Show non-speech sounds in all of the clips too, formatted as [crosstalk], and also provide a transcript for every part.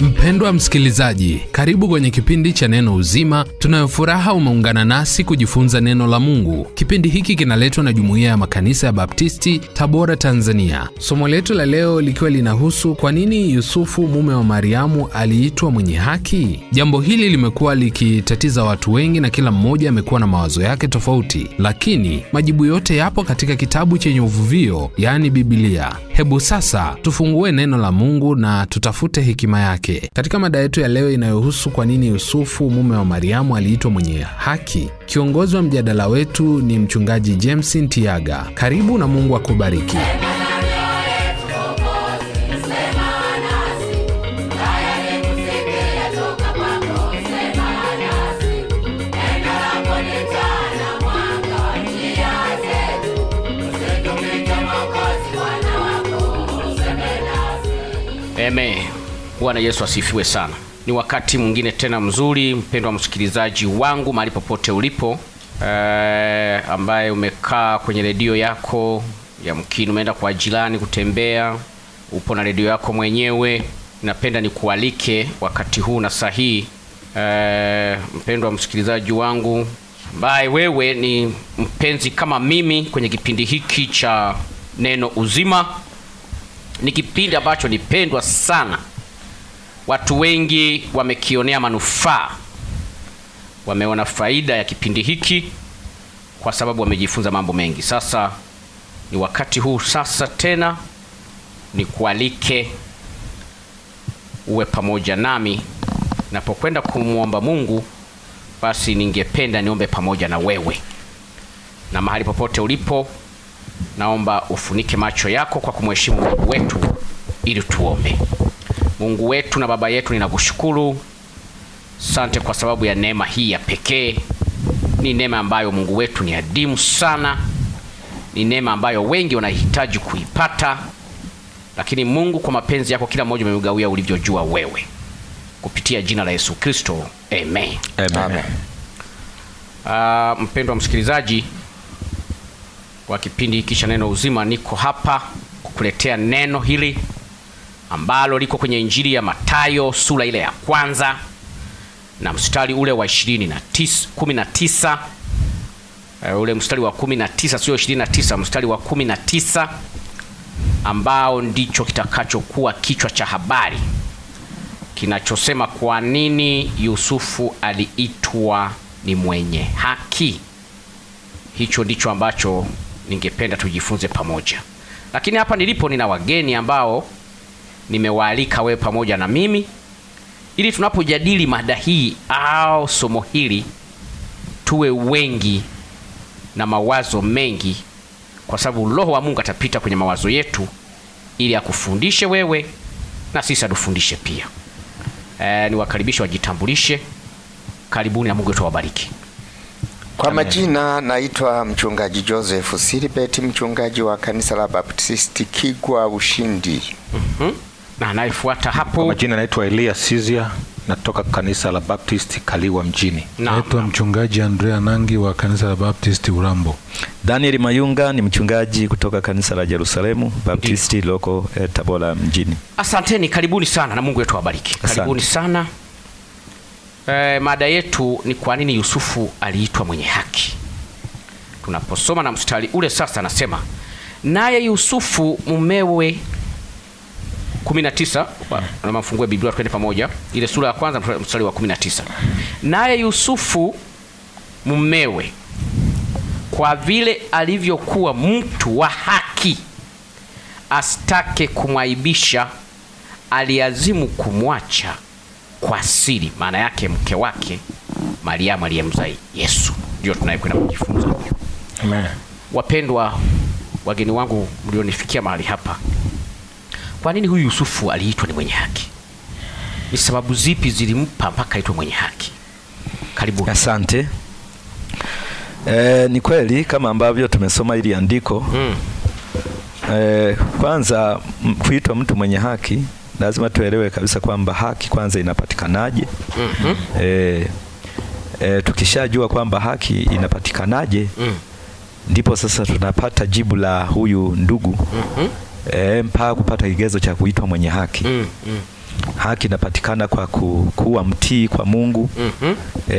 Mpendwa msikilizaji, karibu kwenye kipindi cha Neno Uzima. Tunayofuraha umeungana nasi kujifunza neno la Mungu. Kipindi hiki kinaletwa na Jumuiya ya Makanisa ya Baptisti, Tabora, Tanzania. Somo letu la leo likiwa linahusu kwa nini Yusufu mume wa Mariamu aliitwa mwenye haki. Jambo hili limekuwa likitatiza watu wengi na kila mmoja amekuwa na mawazo yake tofauti, lakini majibu yote yapo katika kitabu chenye uvuvio, yaani Biblia. Hebu sasa tufungue neno la Mungu na tutafute hekima yake yake. Katika mada yetu ya leo inayohusu kwa nini Yusufu mume wa Mariamu aliitwa mwenye haki, kiongozi wa mjadala wetu ni mchungaji James Ntiaga. Karibu na Mungu akubariki. Amen. Bwana Yesu asifiwe sana. Ni wakati mwingine tena mzuri, mpendwa msikilizaji wangu, mahali popote ulipo, ee, ambaye umekaa kwenye redio yako, yamkini umeenda kwa jirani kutembea, upo na redio yako mwenyewe, napenda nikualike wakati huu na sahihi, ee, eh, mpendwa msikilizaji wangu ambaye wewe ni mpenzi kama mimi kwenye kipindi hiki cha Neno Uzima. Ni kipindi ambacho nipendwa sana Watu wengi wamekionea manufaa, wameona faida ya kipindi hiki kwa sababu wamejifunza mambo mengi. Sasa ni wakati huu sasa tena nikualike uwe pamoja nami napokwenda kumwomba Mungu, basi ningependa niombe pamoja na wewe, na mahali popote ulipo, naomba ufunike macho yako kwa kumheshimu Mungu wetu ili tuombe. Mungu wetu na Baba yetu, ninakushukuru sante kwa sababu ya neema hii ya pekee. Ni neema ambayo Mungu wetu ni adimu sana, ni neema ambayo wengi wanahitaji kuipata, lakini Mungu, kwa mapenzi yako, kila mmoja umemgawia ulivyojua wewe, kupitia jina la Yesu Kristo, amen, amen. amen. Uh, mpendwa msikilizaji wa kipindi hiki cha Neno Uzima, niko hapa kukuletea neno hili ambalo liko kwenye Injili ya Mathayo sura ile ya kwanza na mstari ule wa 19 uh, eh, ule mstari wa 19 sio 29, mstari wa 19 ambao ndicho kitakachokuwa kichwa cha habari kinachosema kwa nini Yusufu aliitwa ni mwenye haki. Hicho ndicho ambacho ningependa tujifunze pamoja, lakini hapa nilipo nina wageni ambao nimewaalika wewe pamoja na mimi ili tunapojadili mada hii au somo hili tuwe wengi na mawazo mengi, kwa sababu Roho wa Mungu atapita kwenye mawazo yetu ili akufundishe wewe na sisi atufundishe pia. E, wakaribishe wajitambulishe. Karibuni na Mungu wetu awabariki. Kwa majina naitwa mchungaji Joseph Silibeti, mchungaji wa kanisa la Baptisti Kigwa Ushindi. mm -hmm na anayefuata hapo kwa majina anaitwa Elia Sizia natoka kanisa la Baptist Kaliwa mjini. Naitwa mchungaji Andrea Nangi wa kanisa la Baptist Urambo. Daniel Mayunga ni mchungaji kutoka kanisa la Yerusalemu Baptist loko eh, Tabora mjini. Asanteni, karibuni sana na Mungu wetu awabariki. Karibuni sana. E, mada yetu ni kwa nini Yusufu aliitwa mwenye haki. Tunaposoma na mstari ule sasa, nasema naye Yusufu mumewe 19 na mafungu ya Biblia tukaende pamoja, ile sura ya kwanza mstari wa 19. Naye Yusufu mumewe, kwa vile alivyokuwa mtu wa haki, asitake kumwaibisha, aliazimu kumwacha kwa siri, maana yake mke wake Mariamu aliyemzai Yesu. Ndio tunayekwenda kujifunza. Amen. Wapendwa wageni wangu mlionifikia mahali hapa kwa nini huyu Yusufu aliitwa ni mwenye haki? Ni sababu zipi zilimpa mpaka aitwe mwenye haki? Karibu. Asante. E, ni kweli kama ambavyo tumesoma ili andiko mm. E, kwanza kuitwa mtu mwenye haki lazima tuelewe kabisa kwamba haki kwanza inapatikanaje? mm -hmm. E, e, tukishajua kwamba haki inapatikanaje mm. ndipo sasa tunapata jibu la huyu ndugu mm -hmm e, mpaka kupata kigezo cha kuitwa mwenye haki mm, mm. Haki inapatikana kwa ku, kuwa mtii kwa Mungu mm -hmm.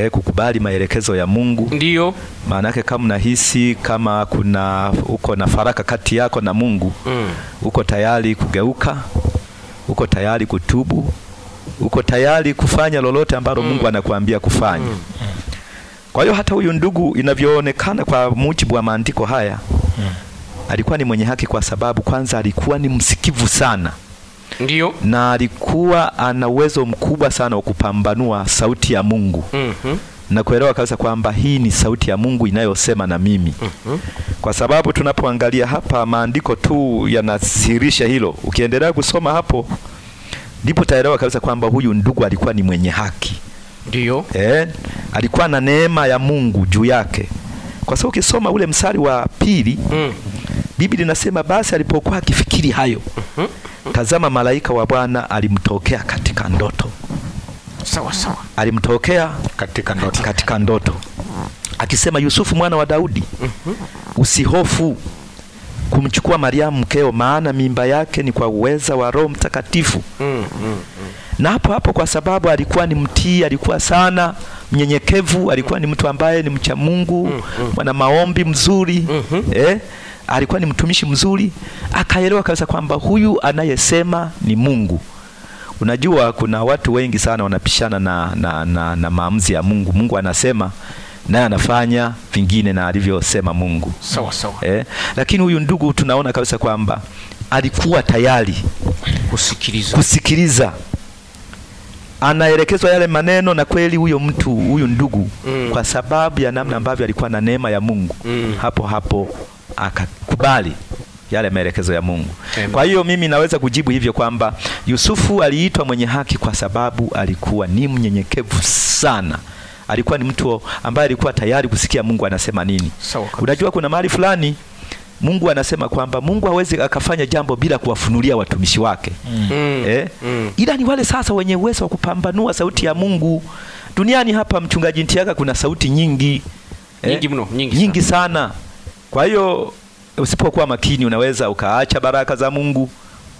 E, kukubali maelekezo ya Mungu. Ndio maana yake, kama unahisi kama kuna uko na faraka kati yako na Mungu mm. uko tayari kugeuka, uko tayari kutubu, uko tayari kufanya lolote ambalo mm. Mungu anakuambia kufanya mm. Kwa hiyo hata huyu ndugu inavyoonekana kwa mujibu wa maandiko haya mm alikuwa ni mwenye haki kwa sababu kwanza alikuwa ni msikivu sana Ndiyo. na alikuwa ana uwezo mkubwa sana wa kupambanua sauti ya Mungu mm -hmm. na kuelewa kabisa kwamba hii ni sauti ya Mungu inayosema na mimi mm -hmm. kwa sababu tunapoangalia hapa maandiko tu yanasirisha hilo. Ukiendelea kusoma hapo, ndipo taelewa kabisa kwamba huyu ndugu alikuwa ni mwenye haki Ndiyo. Eh, alikuwa na neema ya Mungu juu yake, kwa sababu ukisoma ule msari wa pili mm. Biblia inasema basi alipokuwa akifikiri hayo, mhm. tazama malaika wa Bwana alimtokea katika ndoto. Sawa sawa. Alimtokea katika ndoto, katika ndoto akisema, Yusufu mwana wa Daudi, mhm. usihofu kumchukua Mariamu mkeo, maana mimba yake ni kwa uweza wa Roho Mtakatifu. mm, mm, mm. Na hapo hapo, kwa sababu alikuwa ni mtii, alikuwa sana mnyenyekevu, alikuwa ni mtu ambaye ni mcha Mungu, mwana mm-hmm. mm, mm. maombi mzuri mm -hmm. eh? alikuwa ni mtumishi mzuri, akaelewa kabisa kwamba huyu anayesema ni Mungu. Unajua, kuna watu wengi sana wanapishana na, na, na, na maamuzi ya Mungu. Mungu anasema naye anafanya vingine na alivyosema Mungu. Sawa sawa. Eh, lakini huyu ndugu tunaona kabisa kwamba alikuwa tayari kusikiliza, kusikiliza. Anaelekezwa yale maneno na kweli huyo mtu huyu ndugu mm. kwa sababu ya namna ambavyo alikuwa na neema ya Mungu mm. hapo hapo akakubali yale maelekezo ya Mungu. Amen. Kwa hiyo mimi naweza kujibu hivyo kwamba Yusufu aliitwa mwenye haki kwa sababu alikuwa ni mnyenyekevu sana. Alikuwa ni mtu ambaye alikuwa tayari kusikia Mungu anasema nini. So, unajua kuna mahali fulani Mungu anasema kwamba Mungu hawezi akafanya jambo bila kuwafunulia watumishi wake. Mm. Eh? Mm. Ila ni wale sasa wenye uwezo wa kupambanua sauti ya Mungu. Duniani hapa, mchungaji Ntiaga, kuna sauti nyingi. Eh? Nyingi mno, nyingi, nyingi sana. sana. Kwa hiyo usipokuwa makini unaweza ukaacha baraka za Mungu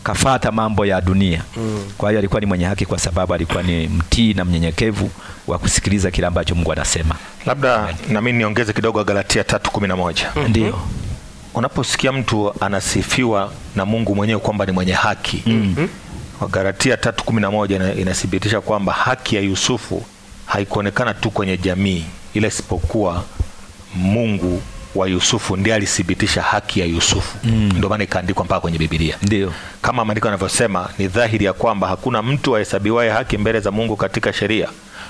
kafata mambo ya dunia. Mm. Kwa hiyo alikuwa ni mwenye haki kwa sababu alikuwa ni mtii na mnyenyekevu wa kusikiliza kile ambacho Mungu anasema. Labda na mimi niongeze kidogo Galatia 3:11. Mm -hmm. Ndio. Unaposikia mtu anasifiwa na Mungu mwenyewe kwamba ni mwenye haki. Mm -hmm. Galatia 3:11 inathibitisha kwamba haki ya Yusufu haikuonekana tu kwenye jamii, ile isipokuwa Mungu wa Yusufu ndiye alithibitisha haki ya Yusufu mm. Ndio maana ikaandikwa mpaka kwenye Biblia. Ndio kama maandiko yanavyosema, ni dhahiri ya kwamba hakuna mtu ahesabiwaye haki mbele za Mungu katika sheria,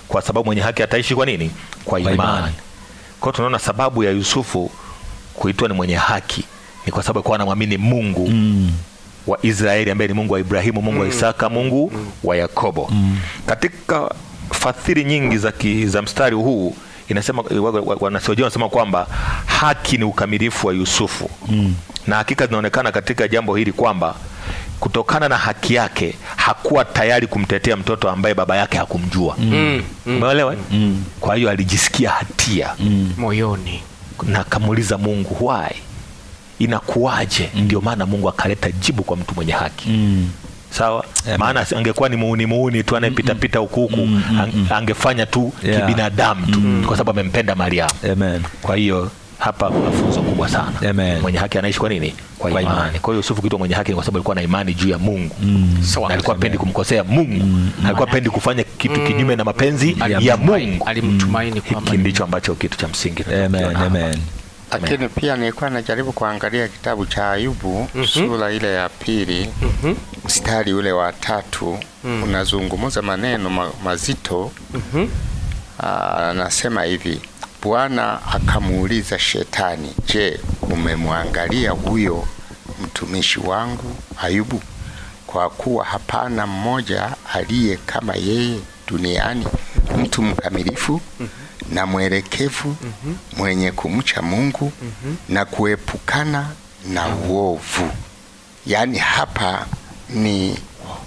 kwa sababu mwenye haki ataishi kwa nini? Kwa imani. Kwa hiyo tunaona sababu ya Yusufu kuitwa ni mwenye haki ni kwa sababu alikuwa anamwamini Mungu mm. wa Israeli ambaye ni Mungu wa Ibrahimu, Mungu mm. wa Isaka, Mungu mm. wa Yakobo mm. katika fathiri nyingi za, ki, za mstari huu inasema eh, wanathiolojia wanasema kwamba haki ni ukamilifu wa Yusufu mm. na hakika zinaonekana katika jambo hili kwamba kutokana na haki yake hakuwa tayari kumtetea mtoto ambaye baba yake hakumjua. mm. Mm. Mm. mm. mm. Kwa hiyo alijisikia hatia mm. moyoni na akamuuliza Mungu, why inakuwaje? mm. Ndio maana Mungu akaleta jibu kwa mtu mwenye haki mm sawa yeah, maana yeah. angekuwa ni muuni muuni tu anayepita mm pita huku huku mm -mm. angefanya tu yeah. kibinadamu tu mm kwa sababu amempenda Mariamu. Amen. Kwa hiyo hapa kuna funzo kubwa sana. Amen. Mwenye haki anaishi kwa nini? Kwa, kwa imani. Kwa hiyo Yusufu kitu mwenye haki ni kwa sababu alikuwa na imani juu ya Mungu. Mm. So, alikuwa pendi kumkosea Mungu. Mm. Alikuwa pendi kufanya kitu mm. kinyume na mapenzi mm. ya Mungu. Alimtumaini mm. kwa maana ndicho ambacho kitu cha msingi. Amen. Amen. Lakini pia nilikuwa najaribu kuangalia kitabu cha Ayubu mm -hmm. sura ile ya pili mm -hmm mstari ule wa tatu mm. unazungumza maneno ma, mazito mm -hmm. Anasema hivi, Bwana akamuuliza Shetani, je, umemwangalia huyo mtumishi wangu Ayubu? Kwa kuwa hapana mmoja aliye kama yeye duniani, mtu mkamilifu mm -hmm. na mwelekevu mm -hmm. mwenye kumcha Mungu mm -hmm. na kuepukana na mm-hmm. uovu. Yaani hapa ni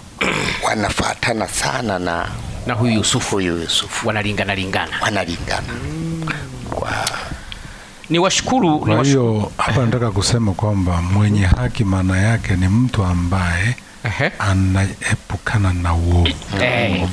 [clears throat] wanafatana sana na na huyu Yusufu, huyu Yusufu wanalingana lingana, wanalingana mm. kwa niwashukuru kwa niwash... hiyo hapa nataka kusema kwamba mwenye haki maana yake ni mtu ambaye Ehe. anaepukana na uovu. Eh, eh,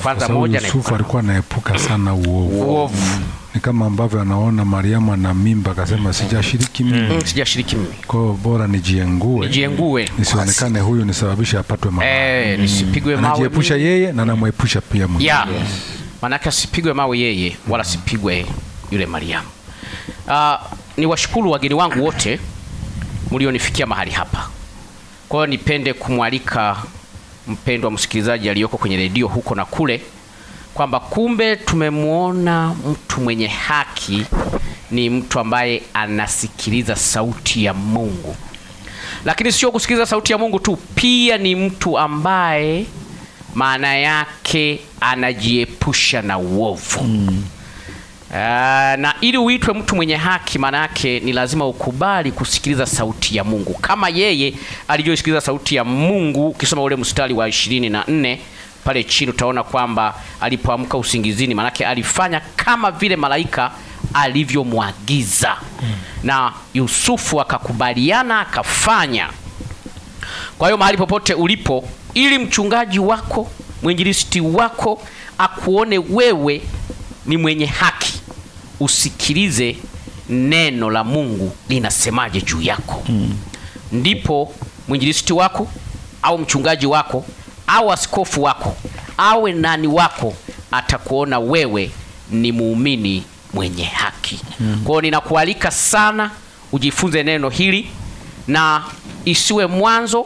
Yusufu alikuwa anaepuka sana uovu, ni kama ambavyo anaona Mariamu ana mimba akasema, sijashiriki mm, mimi mm. sijashiriki mimi, kwa hiyo bora nijiengue, nijiengue nisionekane huyu nisababishe apatwe mawe eh, mm. nisipigwe mawe. Anajiepusha yeye na anamwepusha pia mwingine yeah. yes. Maanake asipigwe mawe yeye wala asipigwe yule Mariamu uh, niwashukuru wageni wangu wote mlionifikia mahali hapa. Kwa hiyo nipende kumwalika mpendwa msikilizaji aliyoko kwenye redio huko na kule kwamba kumbe tumemwona mtu mwenye haki ni mtu ambaye anasikiliza sauti ya Mungu. Lakini sio kusikiliza sauti ya Mungu tu, pia ni mtu ambaye maana yake anajiepusha na uovu. Mm. Uh, na ili uitwe mtu mwenye haki, maana yake ni lazima ukubali kusikiliza sauti ya Mungu kama yeye alivyosikiliza sauti ya Mungu. Ukisoma ule mstari wa ishirini na nne pale chini utaona kwamba alipoamka usingizini, maanake alifanya kama vile malaika alivyomwagiza hmm. Na Yusufu akakubaliana akafanya. Kwa hiyo mahali popote ulipo, ili mchungaji wako mwinjilisti wako akuone wewe ni mwenye haki usikilize neno la Mungu linasemaje juu yako hmm. Ndipo mwinjilisti wako au mchungaji wako au askofu wako awe nani wako atakuona wewe ni muumini mwenye haki hmm. Kwa hiyo ninakualika sana ujifunze neno hili na isiwe mwanzo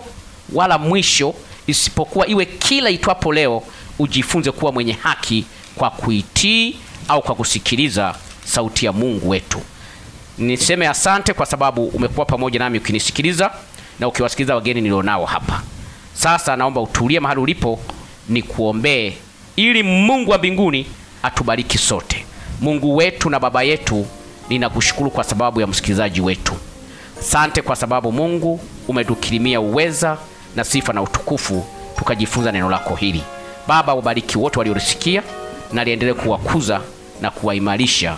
wala mwisho, isipokuwa iwe kila itwapo leo ujifunze kuwa mwenye haki kwa kuitii au kwa kusikiliza sauti ya Mungu wetu. Niseme asante kwa sababu umekuwa pamoja nami ukinisikiliza na ukiwasikiliza wageni nilionao hapa. Sasa naomba utulie mahali ulipo, nikuombee ili Mungu wa mbinguni atubariki sote. Mungu wetu na Baba yetu, ninakushukuru kwa sababu ya msikilizaji wetu. Sante kwa sababu Mungu umetukirimia uweza na sifa na utukufu, tukajifunza neno lako hili. Baba, ubariki wote waliolisikia na liendelee kuwakuza na kuwaimarisha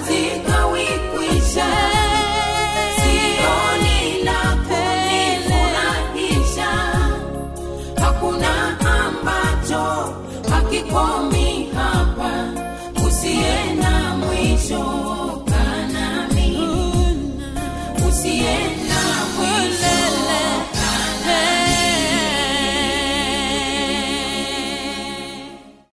kazi ikawikwisha